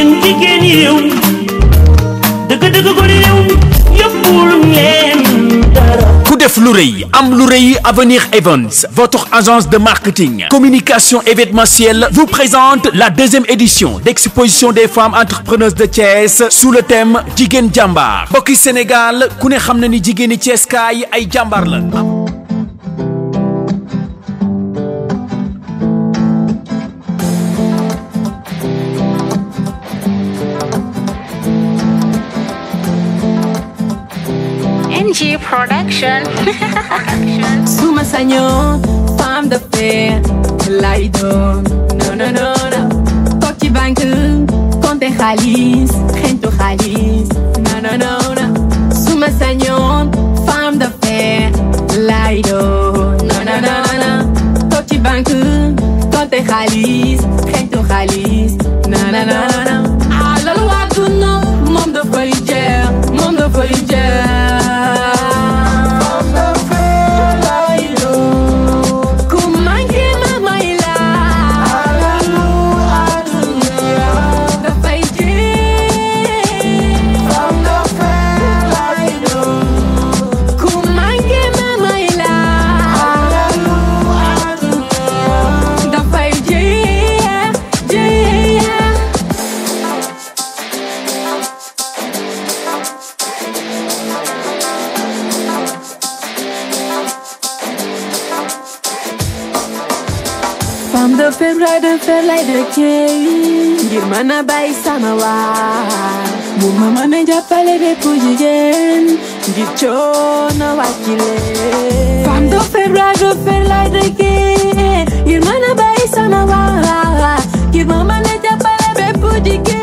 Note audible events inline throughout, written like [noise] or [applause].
yéen jigéen am lu Avenir Events votre agence de marketing communication événementielle vous présente la deuxième édition d'exposition des femmes entrepreneuses de Thiès sous le thème Jigen Jàmbaar Sénégal Thiès Angie Production. Sumasanyo, palm the fair, No, no, no, no. banku, conte gento No, no, no, no. Sumasanyo, the fair, No, no, no, no. banku, conte gento No, no, no, no, no. mom de mom de Mana buy samawa Muma maneja pale bepujigen Gichona wakile Cuando febrero perla rege Irmana buy samawa Irmana maneja pale bepujigen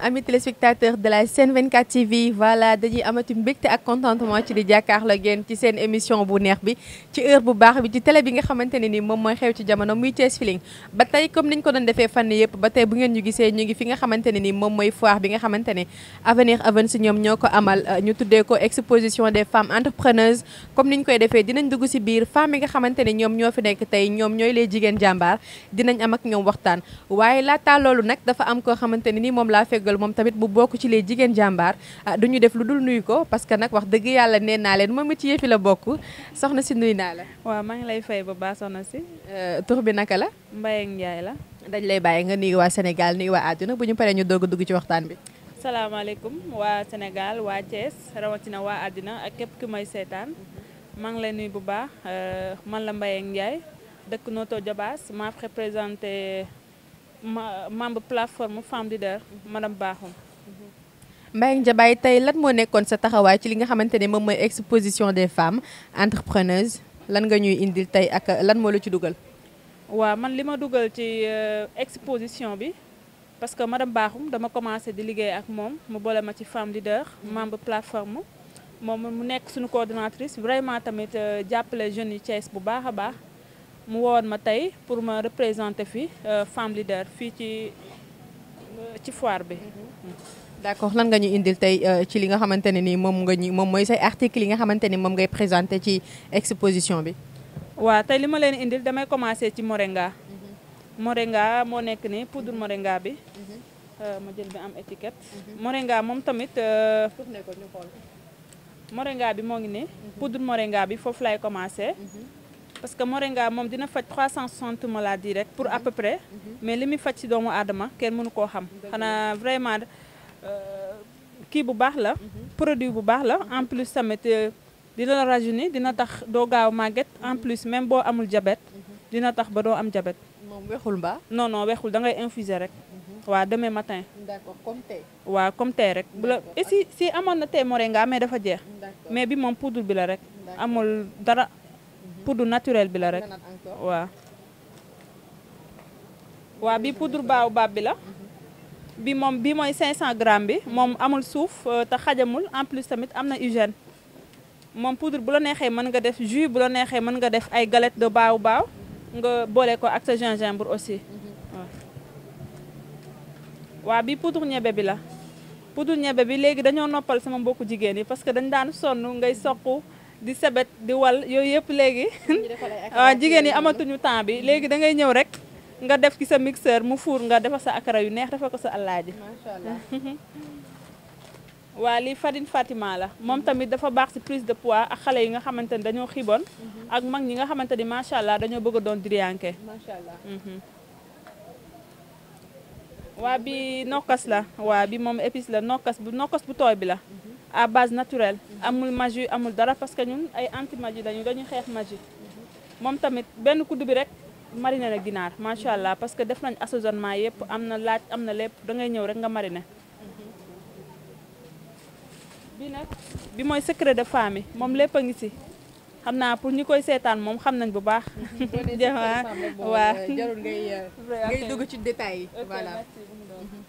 amis téléspectateurs de la scène 24 TV voilà dañuy amati mbégte ak contentement ci di jàkkaarloo gene ci sen émission bu neex bi ci heure bu baax bi ci télé bi nga xamante ni mom moy xew ci jamono muy Thiès Feeling ba comme niñ ko done défé fànn yépp ba tey bu ngeen ñu gisee ñu ngi fi nga xamante ni mom moy foire bi nga xamante avenir aven si ñoom amal euh, ñu tuddé ko exposition des femmes entrepreneuses comme niñ koy défé dinañ dugg ci biir femmes yi nga xamante ñom ñoom ñoo fi nekk tey ñoom ñooy les jigéen jàmbaar dinañ am ak ñom waxtaan la ta lolu nak dafa am ko xamante ne ni moom Diougal moom tamit bu bokk ci les jigéen jàmbaar ah, du ñu def lu dul nuyu ko parce que nag wax dëgg yàlla ne naa leen moom it ci yëfi la bokk soxna si nuyu naa la. waa maa ngi lay fay bu baax soxna si. Euh, tur bi naka la. Mbaye Ndiaye la. dañ lay bàyyi nga nuyu waa Sénégal nuyu waa àdduna bu ñu paree ñu doog dugg ci waxtaan bi. salaamaaleykum waa Sénégal waa Thiès rawatina waa àddina ak képp ki may seetaan maa ngi lay nuyu bu baax euh, man la Mbaye Ndiaye dëkk Noto Diobass maa membre plateforme femme leader madame Bakhoum. Mbaye Ndiabaye tay lan mo nekkoon sa taxaway ci li nga xamantene mom moy exposition des femmes entrepreneuses lan nga ñuy indil tay ak lan mo la ci duggal wa man lima duggal ci euh, exposition bi parce que madame Bahoum dama commencé di liggéey ak mom mu bolé ma ci femme leader membre plateforme mom mu nekk suñu coordinatrice vraiment tamit euh, jappalé jeunes yi Thiès bu baaxa baax. mu woon ma tey pour ma représenter fii euh, femme leader fii ci euh, ci foire bi. Mm-hmm. d'accord lan nga ñu indil tey euh, ci li nga xamante ne ni moom nga ñu moom mooy say article yi nga xamante ni moom ngay présenter ci exposition bi. waaw tey li ma leen indil damay commencer ci moringa. Mm-hmm. moringa moo nekk ni poudre moringa bi. Mm-hmm. ma jël bi am étiquette. moringa moom tamit. tourné ko ñu moringa bi moo ngi ne. poudre moringa bi foofu lay commencer. parce que moringa mom dina fajj 360 maladies rek pour à peu près mais limi fajj ci doomu adama kenn mënu ko xam xana vraiment euh, ki bu bax la mhm. produit bu bax la en plus tamit euh, dina la rajeuni dina tax do gaaw màgget en mhm. plus même bo amul diabète mhm. dina tax ba do am diabète mom wexul ba non non wexul da ngay infuser rek wa demain matin d'accord comme tey wa comme tey rek bu si si amoon na moringa mais dafa jeex mais bi mom poudre bi la rek amul dara poudre naturel bi la rek wa wa bi poudre baobab bi la bi mom bi moy 500 gram bi mom amul souf euh, ta xajamul en plus tamit amna hygiène mom poudre bu la nexé man nga def jus bu la nexé man nga def ay galette de baaw nga bolé ko ak sa gingembre aussi mhm. wa bi poudre ñebe bi la poudre ñebe bi légui dañu noppal sama mbokk jigéen yi parce que dañ daan sonu ngay soxu di sebet di wal yooyu yëpp léegi waaw [laughs] ah, jigéen yi amatuñu temps bi léegi da ngay ñëw rek nga def ki sa mixteur mu fuur nga defal sa akara yu neex defal ko sa àllaaji [laughs] waa lii farine Fatima la moom tamit dafa baax ci prise de poids ak xale yi nga xamante ni dañoo xiboon mhm. ak mag ñi nga xamante ni macha allah dañoo bëgg a doon diriyanke mhm. waa bi nokkas la waa bii moom épice la nokkas bu nokkas bu tooy bi la à base naturelle amul magie amul dara parce que ñun ay anti magie dañu dañuy xeex magie Mom tamit benn kudd bi rek mariné na ginaar macha allah parce que def nañ assaisonnement yépp, amna laaj amna lépp da ngay ñëw rek nga mariné. bi nak bi moy secret de famille mom lépp a ngi si xam pour ñukoy koy mom xamnañ bu baax. [laughs] Ah, waa euh, jarul ngay euh, ngay dugg ci détail. voilà mhm.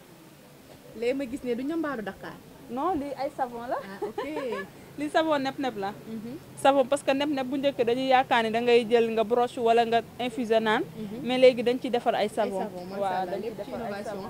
léegi ma gis né du ñambaaru Dakar. non lii ay savon la. Ah, [laughs] lii savon nepp-nepp la. Mhm. savon parce que nepp-nepp bu njëkk dañuy yaakaar ne da ngay jël nga broche wala nga infusé naan. Mhm. mais léegi dañ ci defar ay savon. ay savon dañ ci defar ay savon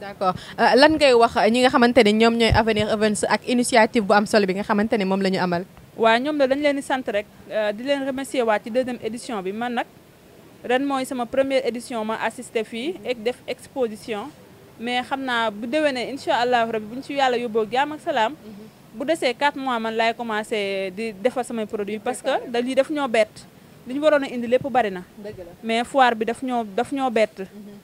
d' euh, lan ngay wax ñi nga xamante ne ñoom ñooy Avenir Events ak initiative bu am solo bi nga xamante ne moom la ñu amal. waaw ñoom la dañ leen di sant rek euh, di leen remercier waat ci deuxième édition bi man nag ren mooy sama première édition ma assisté fii ek def exposition. mais xam naa bu déwénee incha allahu rabi buñ ci yàlla yóbboo jaam ak salaam. bu desee 4 mois man laay commencé di defar sama produits parce que dañuy daf ñoo bett li ñu waroon a indi lépp bari na. mais foire bi daf ñoo daf ñoo bett. Mhm.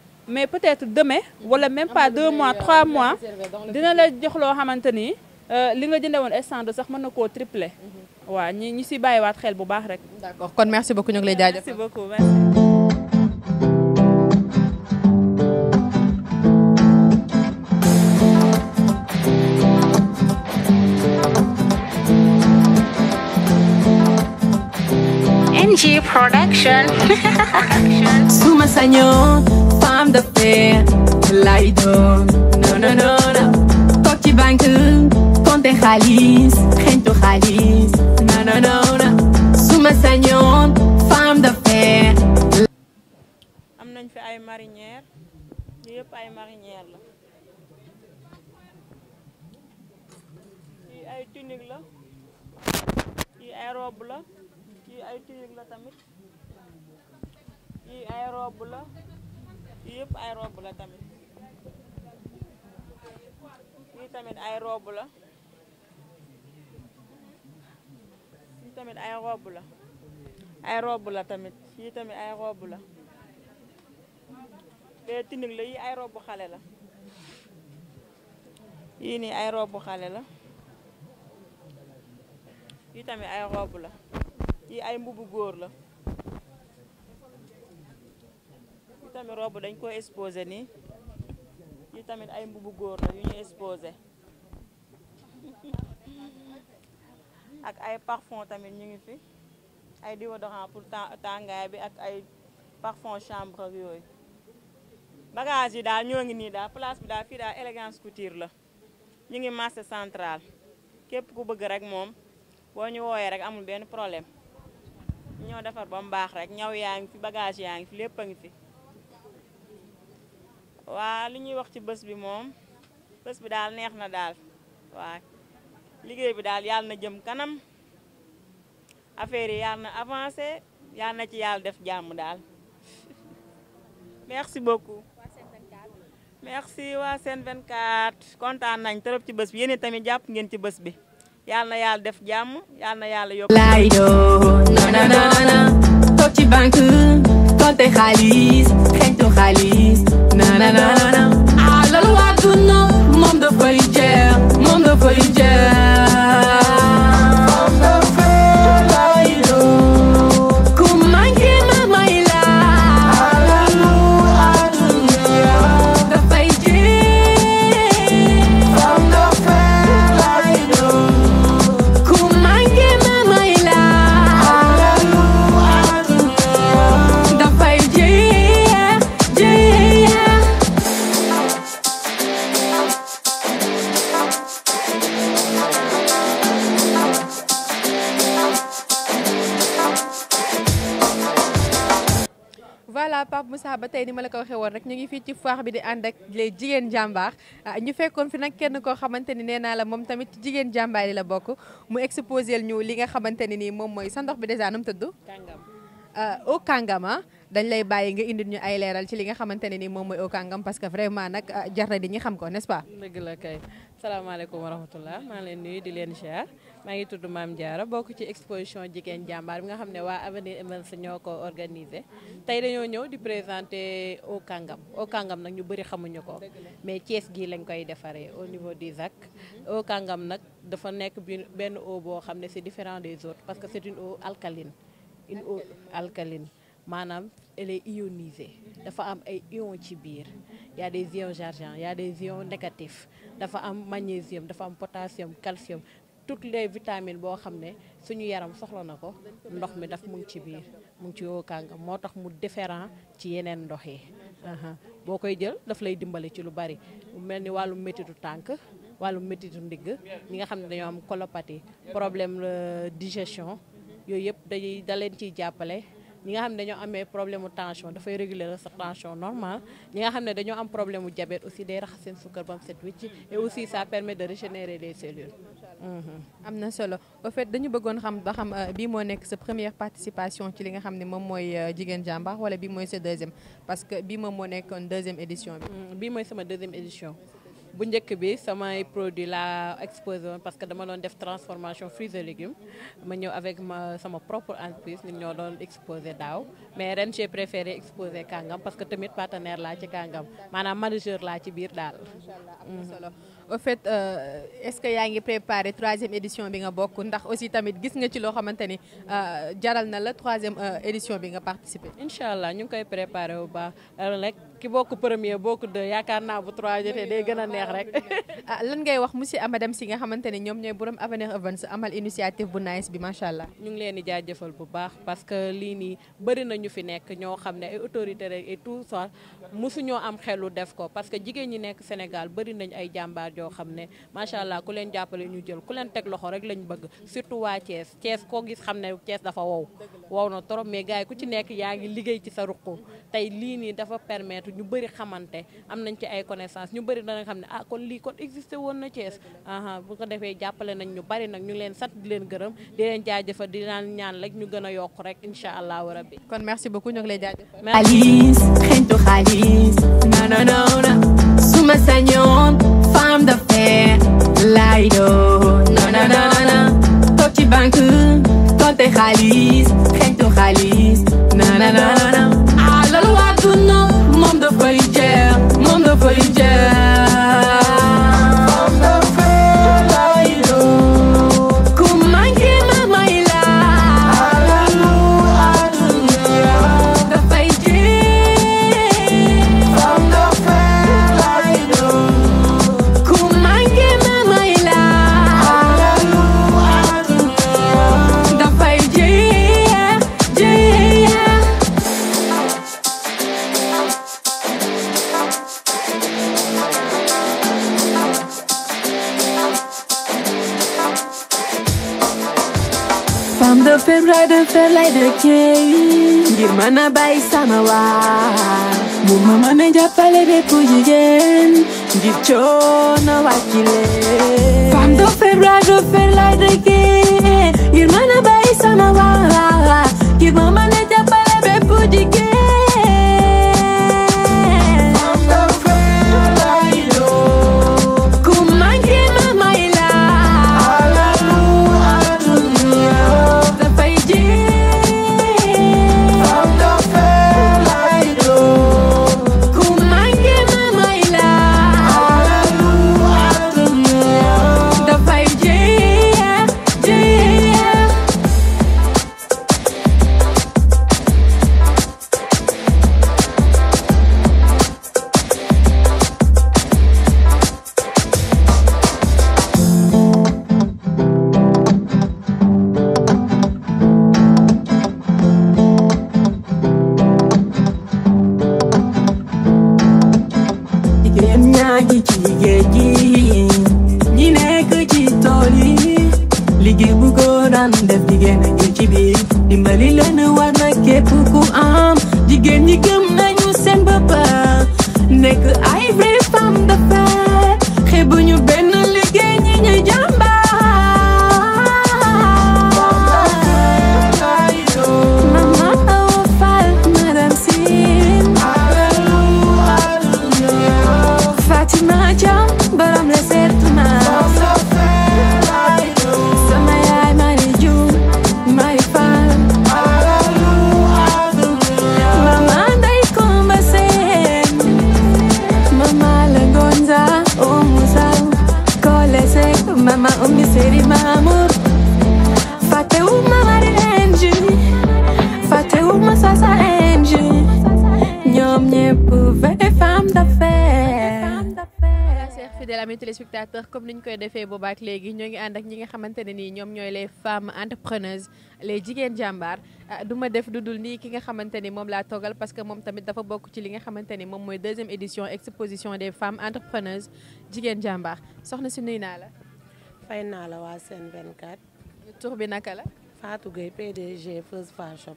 mais peut-être demain voilà même pas deux mois euh, trois mois dina la jox euh, li nga sax tripler mhm. d'accord merci beaucoup ñu merci beaucoup NG Production. [laughs] am dafee lay doon non non non toog ci banque compter xaalis xeñtu xaalis non non non su ma sañoon femme d'affaires am nañ fi ay marinière ñu yëpp ay marinière la yi ay tunique la yi ay robe la yi ay tunique la tamit yi ay robe la yii yëpp ay robe la tamit yii tamit ay robe la yii tamit ay robe la ay robe la tamit yii tamit ay robe la bee tinig la yii ay robe xale la yii nii ay robe xale la yii tamit ay robe la yii ay mbubu góor la tamit robe dañ ko exposé ni yi tamit ay mbubu góor la yu ñu [laughs] ak ay parfum tamit ñu ngi fi ay déodorant pour tàngaay bi ak ay parfum chambre ak yooyu bagage yi da ñoo ngi nii daal place bi daal fii couture la ñu ngi marché central képp ku bëgg rek moom boo ñu wooyee rek amul benn problème ñoo defar ba mu rek ñaw yaa fi bagage fi fi waa li ñuy wax ci bés bi moom bés bi daal neex na daal waa liggéey bi daal yàlla na jëm kanam affaire yi yàlla na avancé yàlla na ci yàlla def jàmm daal [laughs] merci beaucoup. merci waa Sen 24 kontaan nañ trop ci bés bi yéen tamit jàpp ngeen ci bés bi yàlla na yàlla def jàmm yàlla na yàlla yokk. laay doo nananana toog ci banque compter to xaalis nananana alal waa duna moom dafay jeex moom dafay jeex tay ni mala ko waxe won rek ñu ngi fi ci foire bi di and ak les jigen jambar ah, ñu fekkon fi nak kenn ko xamanteni neena la mom tamit jigen jambar yi la bok mu exposerel ñu li nga xamanteni ni mom moy sandox bi déjà num tuddu ah, au kangama ah. dañ lay baye nga indi ñu ay leral ci li nga xamanteni ni mom moy mooy au parce que vraiment nak jar di ñi xam ko n'est-ce pas. deug la kay alaykum wa rahmatullah ma leen nuyu di leen cher maa tudu mam Mame Diarra ci exposition jigéen jàmbaar bi nga xamné wa Avenir Emerse ñoko organiser tay dañu dañoo di présenter au Kangam au Kangam nak ñu bari xamuñu ko mais ties gi lañ koy défaré au niveau du ZAC au Kangam nak dafa nekk ben eau bo xamné c'est différent des autres parce que c'est une eau alcaline une eau alcaline manam elle est ionisée dafa am ay ions ci biir y a des ions il y a des ions négatifs dafa am magnésium dafa am potassium calcium toutes les vitamines boo xam ne suñu yaram soxla na ko ndox mi daf mu ci biir mu ngi ci yoo kàngam moo tax mu différent ci yeneen ndox yi boo koy jël daf lay dimbali ci lu bari mu mel ni wàllu métitu tànk wàllu métitu ndigg ñi nga xam ne dañoo am colopathie problème euh, digestion yooyu yëpp dañuy da leen ciy jàppale Nous avons des problèmes de problème de tension dafay réguler sa tension normale Nous avons xam ne am problème diabète aussi des racines seen sucre. ba mu et aussi ça permet de régénérer les cellules. am solo au fait dañu avons xam ba xam euh, première participation ci li nga xam ne moom mooy euh, jigéen deuxième parce que c'est moom deuxième édition bi. Mm, bii deuxième édition. bu njëkk bi samay produit la exposé woon parce que dama doon def transformation fruits et légumes ma ñëw avec ma sama propre entreprise ñun ñoo doon exposé daaw mais ren j'ai préféré exposé Kàngam parce que tamit partenaire laa ci Kàngam maanaam manager laa ci biir daal. au fait euh, est-ce que yaa ngi préparé troisième édition bi nga bokk ndax aussi tamit gis nga ci lo xamanteni ni euh, jaral na la troisième euh, édition bi nga participer inshallah ñu koy préparer bu baax rek ki bokk premier bokk deux yaakaar naa bu trois jotee day gëna neex rek. [laughs] Ah, lan ngay wax monsieur Amadam si nga xamanteni ñom ñoy ñooy borom Avenir Events amal initiative bu nice bi machallah ñu ngi leen di jaajëfal bu baax parce que li ni bari na ñu fi nekk ñoo xam ay autorité et tout ça mosuñoo am xelu def ko parce que jigéen ñi nekk Sénégal bari nañ ay jàmbaar joo xam ne macha allah ku leen jàppale ñu jël ku leen teg loxo rek lañ bëgg surtout waa Thiès Thiès koo gis xam ne Thiès dafa wow wow na trop mais gars yi ku ci nekk yaa ngi liggéey ci sa ruq tey lii nii dafa permettre ñu bëri xamante am nañ ci ay connaissance ñu bëri dana xam ne ah kon lii kon existé woon na Thiès aha bu ko defee nañ ñu bari nag ñu leen sant di leen gërëm di leen jaajëfal di naan ñaan rek ñu gën a yokk rek incha allahu rabbi kon merci beaucoup ñu ngi lay jaajëfal xaalis xentu xaalis na na na na suma sañoon farm de fer Lido Na na na na Tot je banken Tot de Khalis Geen toch Khalis felay dëkkee ngir mën a bay sama waar bu ma mën a jàppale bépp jigéen ngir coono wàcc leen femme de faiblesse je felay dëkkee ngir mën a sama waar ngir ma mën a jàppale bépp jigéen téléspectateurs comme niñ ñu koy defee boobaak légui ñoo ngi and ak ñi nga xamante ne nii ñoom les femmes entrepreneuses les jigen jambar ah, duma def dudul ni ki nga xamante mom la togal parce que mom tamit dafa bokk ci li nga xamante mom moy mooy deuxième édition exposition des femmes entrepreneuses jigen jambar soxna ci nuy naa la. fay na la wa Sen 24. tour bi naka la. Fatou Gueye PDG First Fashion.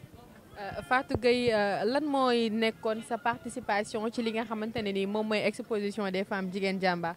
Euh, Fatou Gueye euh, lan mooy nekkoon sa participation ci li nga xamante ne ni moom mooy exposition des femmes jigéen jàmbaar.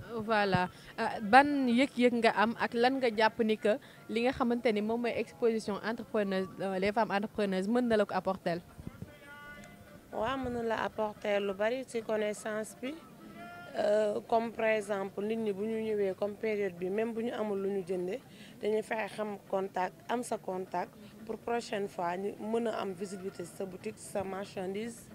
voilà euh, ban yek yek nga am ak lan nga japp ni que li nga xamanteni ni exposition entrepreneuse euh, les femmes entrepreneuses meun na la ko apporter. wa meun na la apporter lu bari ci connaissance bi euh, comme par exemple nit ñi bu ñu comme période bi même bu ñu amul lu ñu jëndee dañuy fexe xam contact am sa contact pour prochaine fois ñu mën am visibilité sa boutique sa marchandise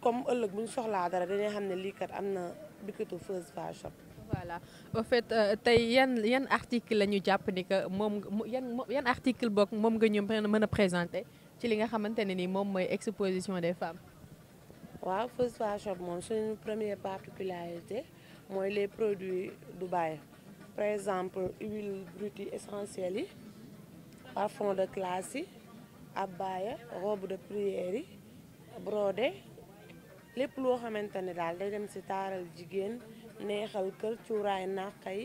comme ëllëg bu ñu soxlaa dara dañuy xam ne lii kat am na plutôt first fashion. voilà En fait y a un article la ñu ni que moom yan yan article bok mom nga ñu mëna présenter ci li nga xamante ni mom exposition des femmes. waaw first fashion c'est suñu première particularité mooy les produits Dubaï par exemple huile brute essentielle parfum de classe abaya robe de prière brodé. lépp loo xamante ne daal day dem si taaral jigéen neexal kër cuuraay naqay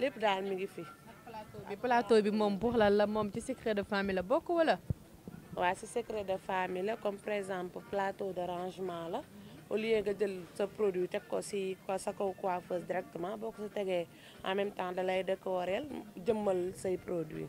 lépp daal mu ngi fi. plateau bi plateau bi moom pour la la moom ci secret de famille la bokk wala. waa ci secret de famille la comme par exemple plateau de rangement la au lieu nga jël sa produit teg ko si sa kaw coiffeuse directement boo ko ci tegee en même temps dalay lay jëmmal say produit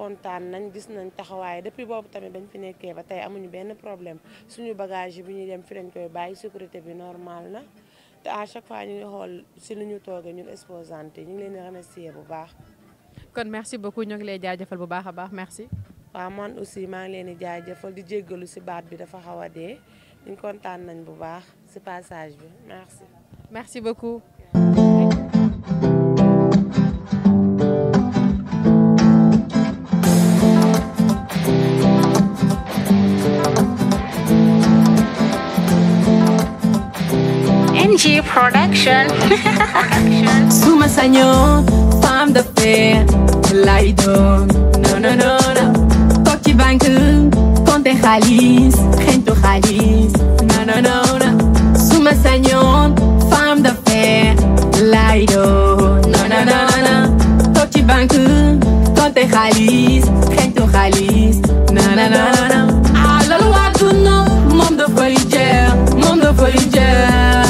kontaan nañ gis nañ taxawaay depuis bobu tamé bañ fi nekkee ba tay amuñu benn problème suñu bagage bi bu ñuy dem fi lañ koy bay sécurité bi normal na té à chaque fois ñu ngi xool si lu ñu toogee ñun exposante ñu ngi leen di remercier bu baax. kon merci beaucoup ñu ngi lay jaajëfal bu baax baax merci. wa man aussi ma ngi leen di jaajëfal di jéggalu ci baat bi dafa xawa dé ñu kontaan nañ bu baax ci passage bi merci. merci beaucoup. Production. [laughs] Suma Sanyo, femme de fer, Laidon. No, no, no, no. Toki Banku, Conte Halis, Gento Halis. No, no, no, no. Suma Sanyo, femme de fer, Laidon. No, no, no, no. Toki Banku, Conte Halis, Gento Halis. No, no, no, no, no. Alalu Aduno, Mom de Folie Jer, Mom de Folie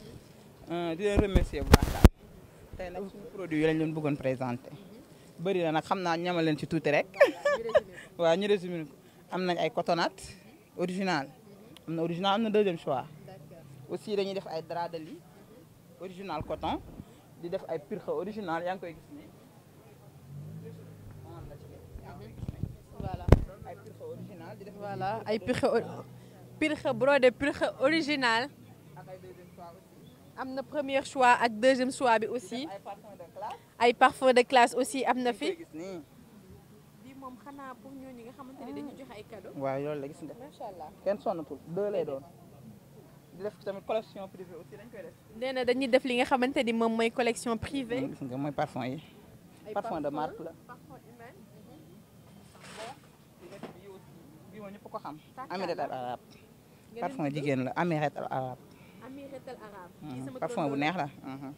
Euh, di leen remercier bu baax daal nag suñu produit yi lañ leen bëggoon présenter bëri na nag xam naa ñamal leen ci tuuti rek [laughs] waaw ñu résume ko am nañ ay cotonat original am na original am na deuxième choix aussi dañuy def ay drap de lit original coton di def ay pirxa original yaa koy gis ni ay pirxa original di original amna premier choix ak deuxième choix bi aussi ay parfum de classe aussi amna fi. bii mom xana pour ñooñu nga xamanteni dañu jox ay cadeaux. waay loolu la gis nga macha allah kenn sonnatul deux lay doon. di def tamit collection privée aussi dañ koy def. nee na dañuy def li nga xamanteni mom moy collection privée. gis nga mooy parfum yi. parfum de marque la. parfum humain. Mhm. bi moom ñëpp ko xam. Amirette al Arab parfum jigéen la Amirette al Arab Mhm. parfum bu neex la. Mhm.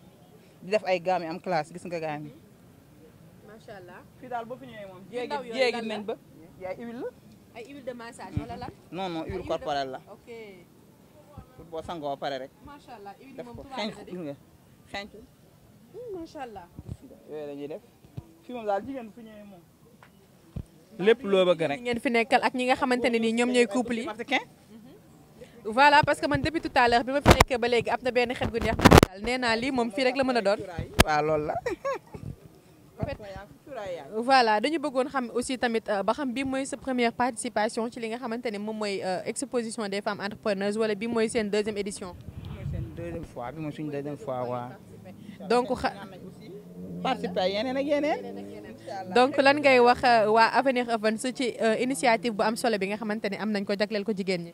di def ay gaam yi am classe gis nga gaam yi. Mhm. macha allah fii daal boo fi ñëwee moom. jéegi jéegi nañ ba. yaay huile la. ay huile de non non huile corporelle la. ok. sangoo pare rek. macha allah de def ko xeeñ nga xeeñ. Hmm, macha allah. yooyu la ñuy def loo bëgg rek. ngeen fi nekkal ak ñi nga xamante ne nii ñoom ñooy couple yi. voilà parce que man depuis tout bi ma fi nekkee ba léegi am na benn xet gu neex bi daal nee naa lii moom fii rek la mën a doon waaw loolu la voilà dañu bëggoon xam aussi tamit euh, ba xam bii mooy sa première participation ci li nga xamante ne moom mooy euh, exposition des femmes entrepreneuses wala bi mooy seen deuxième édition seen fois bi mooy suñu deuxième fois waaw donc xa ak yeneen donc lan ngay wax euh, waa Avenir Events ci initiative bu am solo bi nga xamante ne am nañ ko jagleel ko jigéen ñi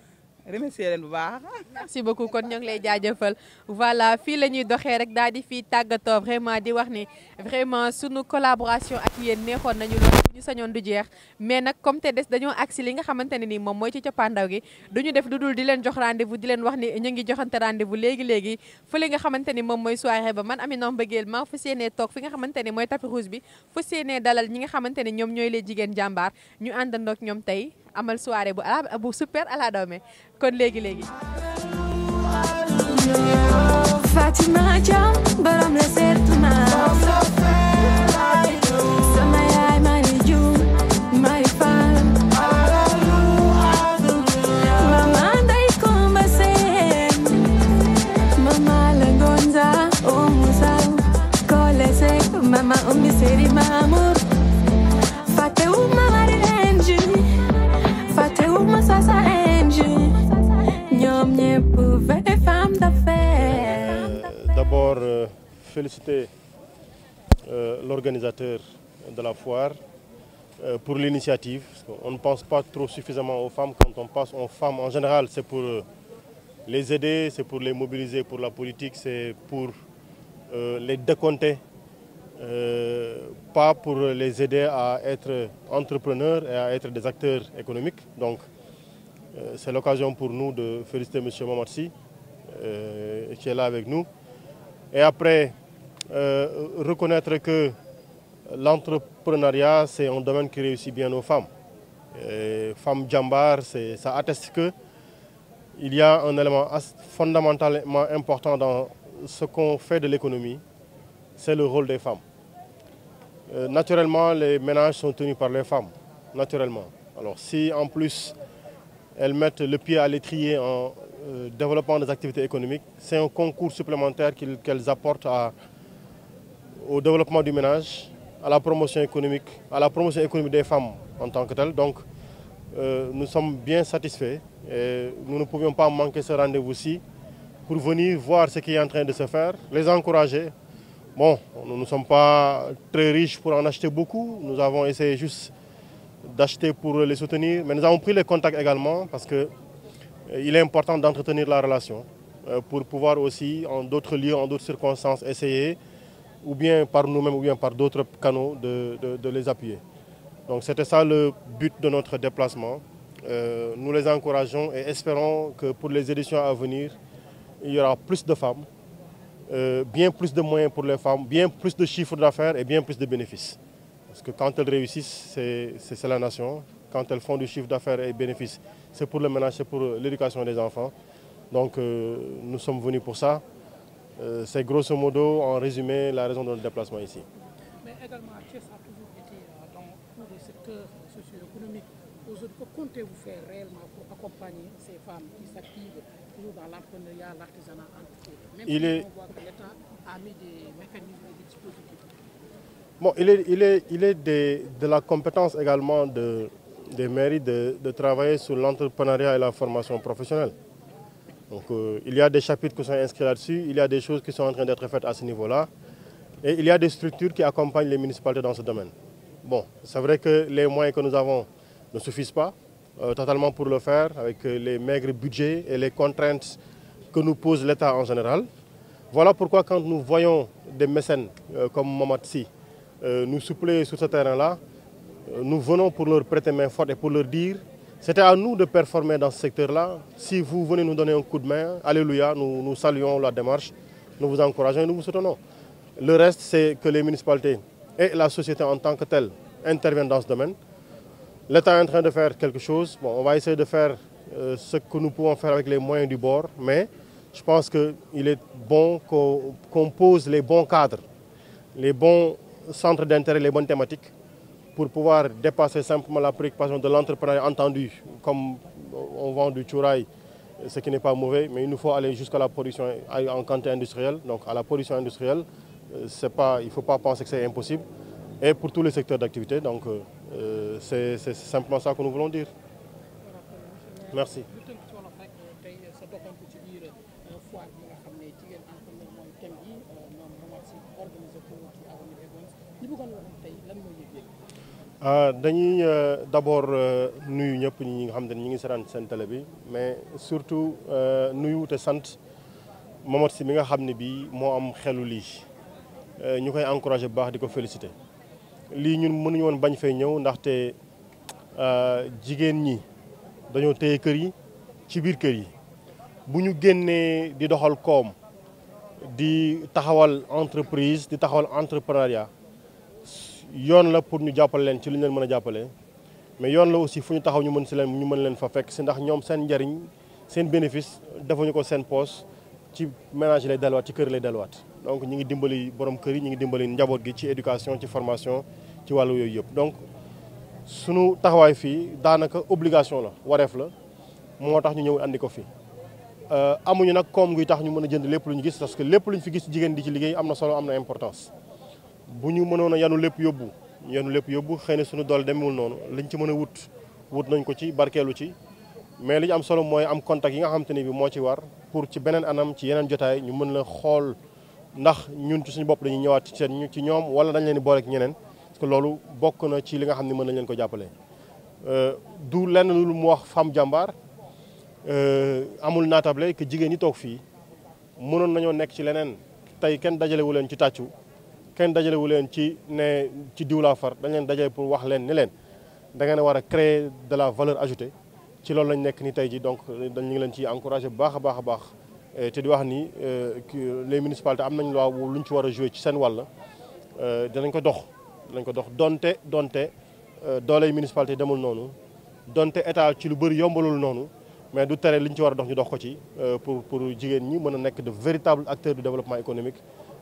remercier leen bu baax. merci beaucoup kon ñoo ngi lay jaajëfal voilà fi lañuy doxé rek daal di fi tagato vraiment di wax ni vraiment suñu collaboration ak yéen neexon nañu loolu bu ñu sañoon du jeex. mais nak comme té dess dañoo agsi li nga xamanteni ne nii moom mooy ci pandaw gi duñu def dudul di leen jox rendez-vous di leen wax ni ñi ngi joxante rendez-vous légui légui fële nga xamanteni mom moy soirée ba man ami nom mbëggeel ma fassiyene tok fi nga xamanteni moy tapis rouge bi fassiyene dalal ñi nga xamanteni ñom ñoy lay jigen jambar ñu andandok ñom tay amal soirée bu ala ah, bu super ala dawme kon léegi léegi. Fatima Jam borom la seetuma d'abord euh, féliciter euh, l'organisateur de la foire euh, pour l'initiative. On ne pense pas trop suffisamment aux femmes. Quand on pense aux femmes, en général, c'est pour les aider, c'est pour les mobiliser pour la politique, c'est pour les décompter, pas pour les aider à être entrepreneurs et à être des acteurs économiques. Donc, c'est l'occasion pour nous de féliciter M. Mamarsi, qui est là avec nous. Et après, euh, reconnaître que l'entrepreneuriat, c'est un domaine qui réussit bien aux femmes. femmes djambar, ça atteste que il y a un élément fondamentalement important dans ce qu'on fait de l'économie, c'est le rôle des femmes. Euh, naturellement, les ménages sont tenus par les femmes, naturellement. Alors si en plus elles mettent le pied à l'étrier en euh, développement des activités économiques. C'est un concours supplémentaire qu'elles apportent au développement du ménage, à la promotion économique, à la promotion économique des femmes en tant que telles. Donc, euh, nous sommes bien satisfaits et nous ne pouvions pas manquer ce rendez-vous-ci pour venir voir ce qui est en train de se faire, les encourager. Bon, nous ne sommes pas très riches pour en acheter beaucoup, nous avons essayé juste d'acheter pour les soutenir, mais nous avons pris les contacts également parce que euh, il est important d'entretenir la relation euh, pour pouvoir aussi, en d'autres lieux, en d'autres circonstances, essayer, ou bien par nous-mêmes, ou bien par d'autres canaux, de, les appuyer. Donc c'était ça le but de notre déplacement. Euh, nous les encourageons et espérons que pour les éditions à venir, il y aura plus de femmes, bien plus de moyens pour les femmes, bien plus de chiffres d'affaires et bien plus de bénéfices. Parce que quand elles réussissent, c'est la nation. Quand elles font du chiffre d'affaires et bénéfices, c'est pour le ménage, c'est pour euh, l'éducation des enfants. Donc euh, nous sommes venus pour ça. Euh, c'est grosso modo, en résumé, la raison de notre déplacement ici. Mais également, Thiès a toujours été dans le secteur socio économique que comptez-vous faire réellement pour accompagner ces femmes qui s'activent toujours dans l'entrepreneuriat, l'artisanat, Même si est... on voit que l'État a mis des mécanismes et des dispositifs. Bon, il est, de la compétence également de, des mairies de, travailler sur l'entrepreneuriat et la formation professionnelle. Donc, euh, il y a des chapitres qui sont inscrits là-dessus, il y a des choses qui sont en train d'être faites à ce niveau-là, et il y a des structures qui accompagnent les municipalités dans ce domaine. Bon, c'est vrai que les moyens que nous avons ne suffisent pas euh, totalement pour le faire, avec euh, les maigres budgets et les contraintes que nous pose l'État en général. Voilà pourquoi quand nous voyons des mécènes comme si nous soupler sur ce terrain-là, euh, nous venons pour leur prêter main forte et pour leur dire c'était à nous de performer dans ce secteur-là. Si vous venez nous donner un coup de main, alléluia, nous, saluons la démarche, nous vous encourageons et nous vous soutenons. Le reste, c'est que les municipalités et la société en tant que telle interviennent dans ce domaine. L'État est en train de faire quelque chose. on va essayer de faire euh, ce que nous pouvons faire avec les moyens du bord, mais je pense qu'il est bon qu'on pose les bons cadres, les bons centres d'intérêt, les bonnes thématiques pour pouvoir dépasser simplement la préoccupation de l'entrepreneuriat entendu, comme on vend du tchouraï, ce qui n'est pas mauvais, mais il nous faut aller jusqu'à la production en quantité industrielle. Donc à la production industrielle, euh, pas, il ne faut pas penser que c'est impossible. Et pour tous les secteurs d'activité, donc euh, euh, c'est simplement ça que nous voulons dire. Merci. Euh, dañuy euh, d'abord euh, nuyu ñëpp ñi nga xam ne ñi ngi seetaan seen télé bi mais surtout nuyu te sant Momar si mi nga xam ne bii moo am xelu lii ñu koy encouragé bu baax di ko félicité lii ñun mënuñu woon bañ fee ñëw ndaxte jigéen ñi dañoo téye kër yi ci biir kër yi bu ñu génnee di doxal koom di taxawal entreprise di taxawal entrepreneuriat yon la pour ñu jàppale leen ci li ñu mëna jappalé mais yon la aussi fu ñu taxaw ñu mëna ci leen ñu mëna leen fa fekk ci ndax ñom seen njariñ seen bénéfice defuñu ko seen poos ci ménage lay dalwat ci kër lay dalwat donc ñi ngi dimbali borom kër yi ñu ngi dimbali njabot gi ci éducation ci formation ci walu yoy yëp donc suñu taxaway fi danaka obligation la wareef la moo tax ñu ñëw andi ko fi euh amuñu nak kom guy tax ñu mëna jënd lepp lu ñu gis parce que lepp lu ñu fi gis jigéen di ci liggéey amna solo amna importance bu ñu mënoon a yanu lépp yóbbu yanu lépp yóbbu xëy na suñu doole demewul noonu liñ ci mën a wut wut nañ ko ci barkeelu ci mais li am solo mooy am contact yi nga xamante ni bi moo ci war pour ci beneen anam ci yeneen jotaay ñu mën la xool ndax ñun suñu bopp dañuy ñëwaat ci seen ci ñoom wala dañ leen di booleek ñeneen loolu bokk na ci li nga xam ne mën nañ leen ko jàppale euh, du lenn lu mu wax femme jàmbaar euh, amul naatable que jigéen ñi toog fii mënoon nañoo nekk ci leneen tey kenn dajalewu leen ci tàccu kenn dajalewu leen ci ne ci diw laa far dañ leen dajale pour wax leen ne leen da ngeen war a créer de la valeur ajoutée ci loolu lañ nekk ni tey ji donc dañ ngi leen ci encourager bu baax a baax a baax euh, te di wax ni euh, les municipalités am nañ loi lu ñu ci war a joué ci seen wàll euh, dinañ ko dox dinañ ko dox donte donte dooley municipalité demul noonu donte état ci lu bëri yombalul noonu mais du tere liñ ci war a dox ñu dox ko ci pour pour jigéen ñi mën a nekk de véritable acteur du développement économique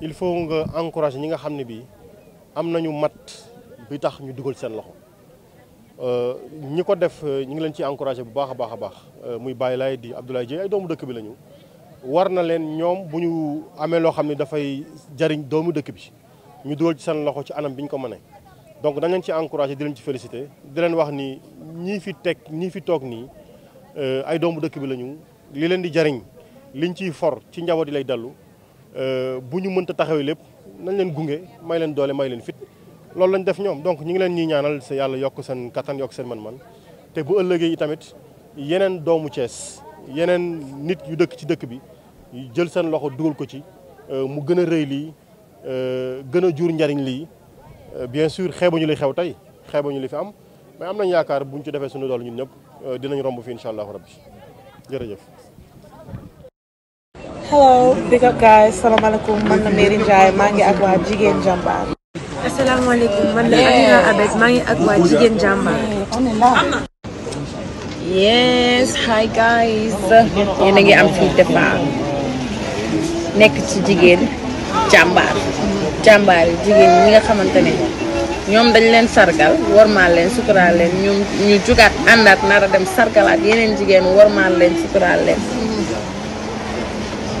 il faut nga encourager ñi nga xam ne bii am nañu mat bi tax ñu dugal seen loxo euh, ñi ko def euh, ñu ngi leen ci encourager bu baax a baax a baax euh, muy bàyyi Laye di Abdoulaye Dieye ay doomu dëkk bi lañu war na leen ñoom bu ñu amee loo xam ne dafay jariñ doomu dëkk bi ñu dugal ci seen loxo ci anam bi ñu ko mënee donc dañ leen ci encourager di leen ci féliciter di leen wax ni ñii fi teg ñii fi toog nii ay doomu dëkk bi lañu li leen di jariñ liñ ciy for ci njaboot yi lay dellu. Euh, bu ñu mënta taxawee lépp nañ leen gunge may leen doole may leen fit loolu lañ def ñoom donc ñu ngi leen ñuy ñaanal sa yàlla yokk seen kattan yokk seen mën-mën te bu ëllëgee tamit yeneen doomu Cees yeneen nit yu dëkk ci dëkk bi jël seen loxo dugal ko ci euh, mu gën a rëy lii euh, gën a jur njariñ lii bien sûr ñu li xew tey xeebuñu li fi am mais am nañ yaakaar buñ ci defee suñu doole ñun ñëpp dinañ romb fi incha allahu rabbi jërëjëf hello big up guys Assalamualaikum. man la Merin Jai, maa ngi ak waa Assalamualaikum. jàmbaar. man la Amina Abed maa ngi akwa jigen jamba. yes hi guys. Ini a am fii Depa jigen. ci jigéen jigen Jamba yi jigéen ñi nga xamante ne ñoom dañ leen sargal warmaal leen suturaal leen ñu ñu nara dem jigen leen leen.